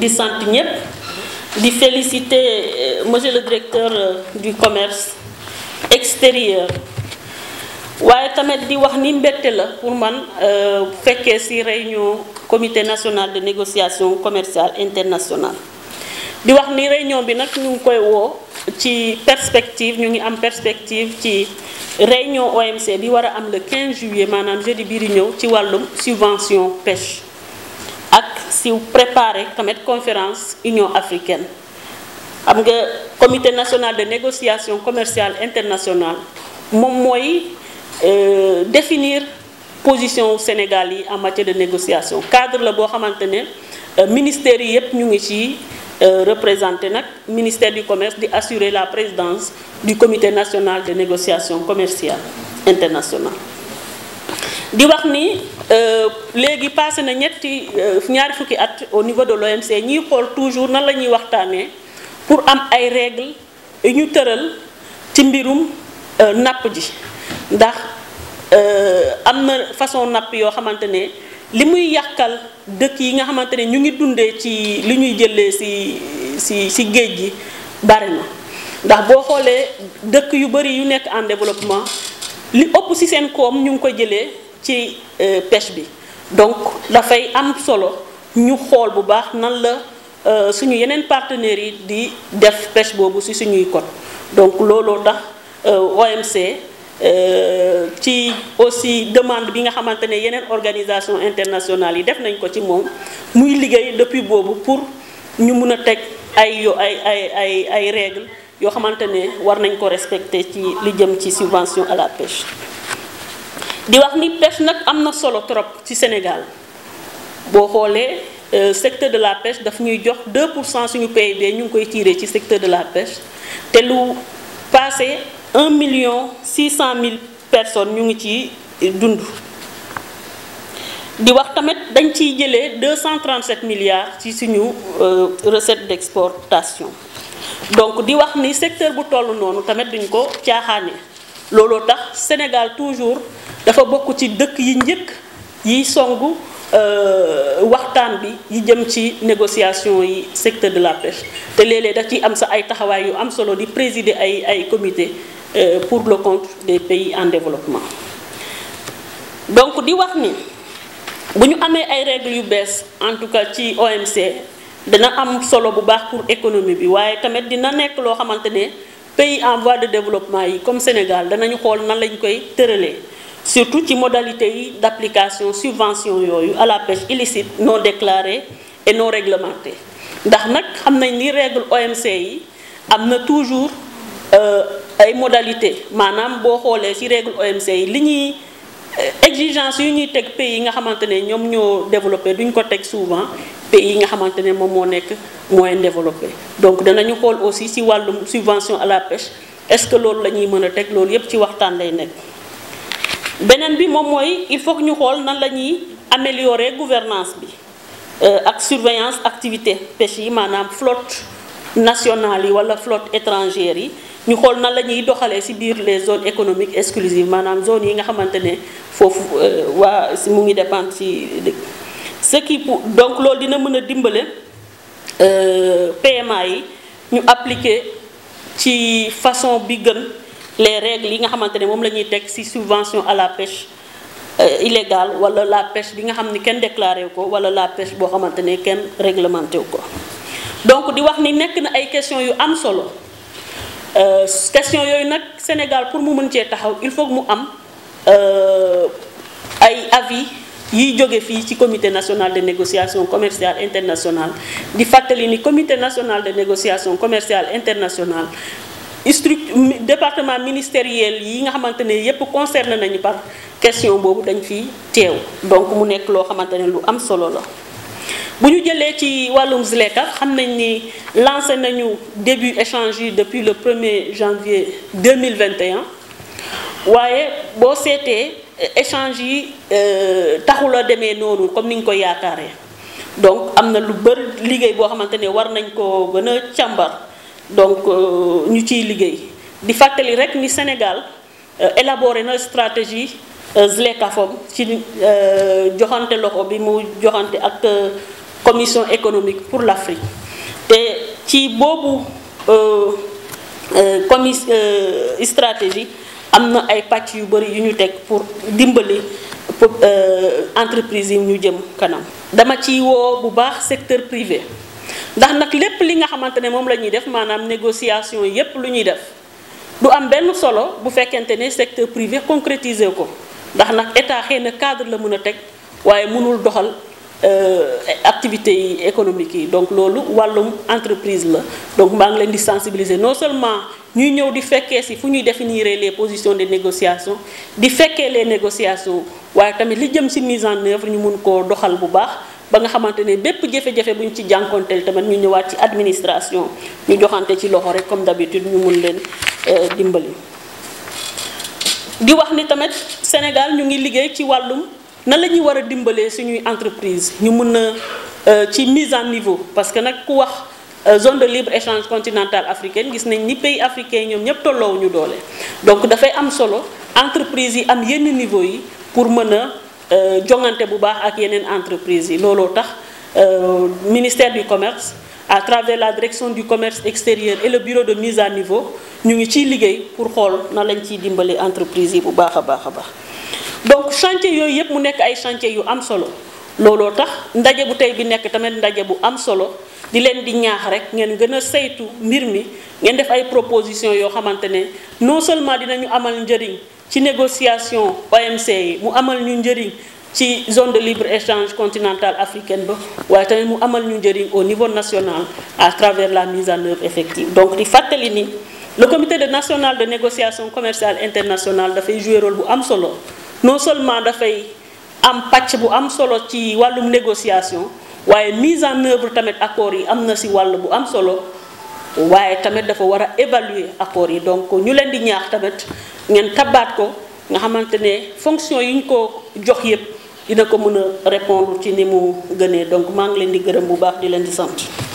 di sant ñëpp di féliciter euh, monsieur le directeur euh, du commerce extérieur waaye tamit di wax ni mbette la pour man euh, bu fekkee ci réunion comité national de négociation commerciale internationale di wax ni réunion bi nag ñu ngi koy woo ci perspective ñu ngi am perspective ci réunion OMC bi war a am le 15 juillet maanaam jeudi bii di ñëw ci wàllum subvention pêche si préparer tamit conférence Union africaine xam nga comité national de négociation commerciale internationale moom mooy euh, définir position Sénégal yi en matière de négociation cadre la boo xamante ne euh, ministères yi yëpp ñu ngi ci euh, représenté nag ministère du commerce di assurer la présidence du comité nationale de négociation commerciale internationale di wax ni euh, léegi passé na ñetti euh, ñaari fukki at au niveau de l'OMC ñiy xool toujours nan la ñuy waxtaanee pour am ay règles yu ñu tëral ci mbirum euh, napp ji ndax am na façon napp yoo xamante ne li muy yàqal dëkk yi nga xamante ne ñu ngi dundee ci li ñuy jëlee si si si géej gi bari na ndax boo xoolee dëkk yu bari yu nekk en développement li ëpp ci seen koom ñu ngi ko jëlee ci euh, pêche bi donc dafay am solo ñu xool bu baax nan la euh, suñu yeneen partenaires yi di def pêche boobu ci suñuy côte donc looloo tax euh, OMC ci aussi demande bi nga xamante ne yeneen organisation internationale yi def nañ ko ci moom muy liggéey depuis boobu pour ñu mun a teg ay yo ay ay ay ay règles yoo xamante ne war nañ ko respecter ci li jëm ci subvention à la pêche di wax ni pêche nag am na solo trop ci Sénégal boo xoolee euh, secteur de la pêche daf ñuy jox 2 pour cent suñu PIB ñu ngi koy tiiree ci secteur de la pêche te lu passé 1 million 600 mille personnes ñu ngi ci dund. di wax tamit dañ ciy jëlee 237 milliards ci suñu euh, recette d'exportation donc di wax ni secteur bu toll noonu tamit dañ ko caaxaane looloo tax Sénégal toujours. dafa bokk ci dëkk yi njëkk yiy songu euh, waxtaan bi yi jëm ci négociation yi secteur de la pêche te léeg-léeg da ciy am sa ay taxawaay yu am solo di présider ay ay comité euh, pour le compte des pays en développement donc di wax ni bu ñu amee ay règles yu bees en tout cas ci OMC dana am solo bu baax pour économie bi waaye tamit dina nekk loo xamante ne pays en voie de développement yi comme Sénégal danañu xool nan lañ koy tëralee surtout ci modalité yi d' application subvention yooyu à la pêche illicite non déclarée et non réglementée ndax nag xam nañ ni règle OMC yi am na toujours euh, ay modalité maanaam boo xoolee ci règle OMC yi li ñuy euh, exigence yu ñuy teg pays yi nga xamante ne ñoom ñoo développé ñu ko teg souvent pays yi nga xamante ne moom moo nekk moyen développé donc danañu xool aussi ci wàllu subvention à la pêche est-ce que loolu la ñuy mën a teg loolu yépp ci waxtaan lay nekk beneen bi moom mooy il faut ñu xool nan la ñuy améliorer gouvernance bi euh, ak surveillance activité pêche yi maanaam flotte nationale yi wala flotte étrangère yi ñu xool nan la ñuy doxalee ci biir les zones économiques exclusives maanaam zone yi nga xamante ne foofu euh, waa mu ngi dépendre ci dëkk pour donc loolu dina mën a dimbale euh, PMA yi ñu appliquer ci façon bi gën les règles yi nga xamante ne moom la ñuy teg ci subvention à la pêche euh, illégale wala la pêche bi nga xam ni kenn déclaré wu ko wala la pêche boo xamante ne kenn réglementé wu ko donc di wax ni nekk na ay question yu am solo euh, question yooyu nag Sénégal pour mu mën cee taxaw il faut mu am euh, ay avis yiy jóge fii ci comité national de négociation commerciale internationale di fàttali ni comité nationale de négociation commerciale internationale structure département ministériel yi nga xamante ne yépp concerné nañu par question boobu dañ fi teew donc mu nekk loo xamante ne lu am solo la bu ñu jëlee ci wàllum ZLECA xam nañ ni lancé nañu début échange yi depuis le 1er janvier 2021 waaye boo seetee échange yi euh, taxula demee noonu comme ni ñu ko yaakaaree donc am na lu bëri liggéey boo xamante ne war nañ ko gën a càmbar donc euh, ñu ciy liggéey di fàttali rek ni Sénégal euh, élaboré na stratégie euh, ZLECAfom ci joxante loxo bi mu joxante ak commission économique pour l'Afrique te ci boobu commis stratégie am na ay pàcc yu bari yu ñu teg pour dimbali entreprise yi ñu jëm kanam dama ciy woo bu baax secteur privé ndax nag lépp li nga xamante ne moom la ñuy def maanaam négociation yépp lu ñuy def du am benn solo bu fekkente ne secteur privé concrétiser ko ndax nag état xëy na cadre la mën a teg waaye mënul doxal euh, activités yi économiques yi donc loolu wàllum entreprise la donc maa ngi leen di sensibiliser non seulement ñuy ñëw di fekkee si fu ñuy définir les positions de négociation di fekkee les négociation waaye tamit li jëm si mise en œuvre ñu mun koo doxal bu baax ba nga xamante ne bépp jafe-jafe bu ñu ci jànkonteel tamit ñu ñëwaat ci administration ñu joxante ci loxo rek comme d'habitude ñu mun leen euh, dimbali. di wax ni tamit Sénégal ñu ngi liggéey ci wàllum nan la ñuy war a dimbalee suñuy entreprise ñu mun a euh, ci mise en niveau parce que nag ku wax. Euh, zone de libre échange continentale africaine gis nañ ni pays africain ñoom ñëpp tolloowuñu doole donc dafay am solo entreprise yi am yenn niveau yi pour mën Euh, jongante bu baax ak yeneen entreprise yi looloo tax euh, ministère du commerce à travers la direction du commerce extérieur et le bureau de mise à niveau ñu ngi ciy liggéey pour xool na lañ ciy dimbali entreprise yi bu baax a baax a baax donc chantier yooyu yëpp mu nekk ay chantier yu am solo looloo tax ndaje bu tey bi nekk tamit ndaje bu am solo di leen di ñaax rek ngeen gën a saytu mbir mi ngeen def ay proposition yoo xamante ne non seulement dinañu amal njëriñ ci négociation OMC yi mu amal ñu njëriñ ci zone de libre échange continentale africaine ba waaye tamit mu amal ñu njëriñ au niveau national à travers la mise en œuvre effective donc di fàttali ni le comité de national de négociation commerciale internationale dafay jouer rôle bu am solo non seulement dafay am pàcc bu am solo ci wàllum négociation waaye mise en œuvre tamit accord yi am na si wàll bu am solo waaye tamit dafa war a évaluer accords yi donc ñu leen di ñaax tamit ngeen tabaat ko nga xamante ne fonction yi ñu ko jox yëpp dina ko mën a répondre ci ni mu gënee donc maa ngi leen di gërëm bu baax di leen di sant.